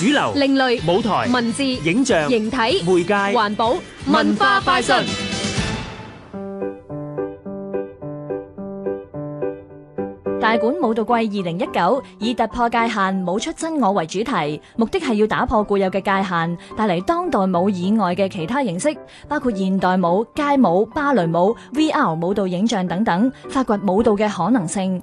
主流、另類、舞台、文字、影像、形體、媒介、環保、文化快訊。大館舞蹈季二零一九以突破界限、舞出真我為主題，目的係要打破固有嘅界限，帶嚟當代舞以外嘅其他形式，包括現代舞、街舞、芭蕾舞、VR 舞蹈影像等等，發掘舞蹈嘅可能性。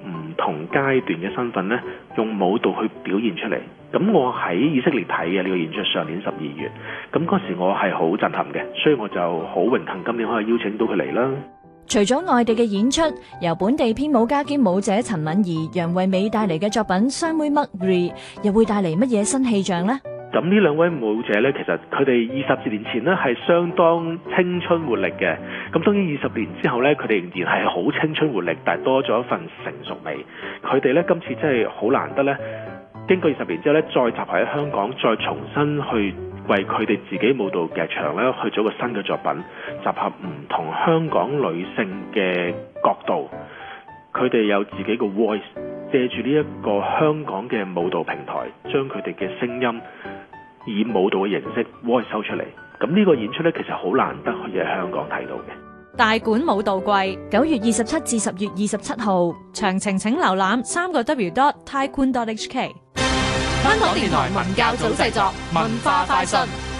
同階段嘅身份咧，用舞蹈去表現出嚟。咁我喺以色列睇嘅呢個演出，上年十二月。咁嗰時我係好震撼嘅，所以我就好榮幸今年可以邀請到佢嚟啦。除咗外地嘅演出，由本地編舞家兼舞者陳敏儀、楊惠美帶嚟嘅作品《雙妹 Mcry》，又會帶嚟乜嘢新氣象呢？咁呢兩位舞者咧，其實佢哋二十幾年前呢，係相當青春活力嘅。咁當然二十年之後咧，佢哋仍然係好青春活力，但係多咗一份成熟味。佢哋咧今次真係好難得咧，經過二十年之後咧，再集合喺香港，再重新去為佢哋自己舞蹈劇場咧，去做個新嘅作品，集合唔同香港女性嘅角度。佢哋有自己嘅 voice，借住呢一個香港嘅舞蹈平台，將佢哋嘅聲音以舞蹈嘅形式 voice 出嚟。咁呢個演出咧，其實好難得，可以喺香港睇到嘅。大館舞蹈季，九月二十七至十月二十七號，詳情請瀏覽三個 W dot taikwun dot hk。香港電台文教組製作，文化快訊。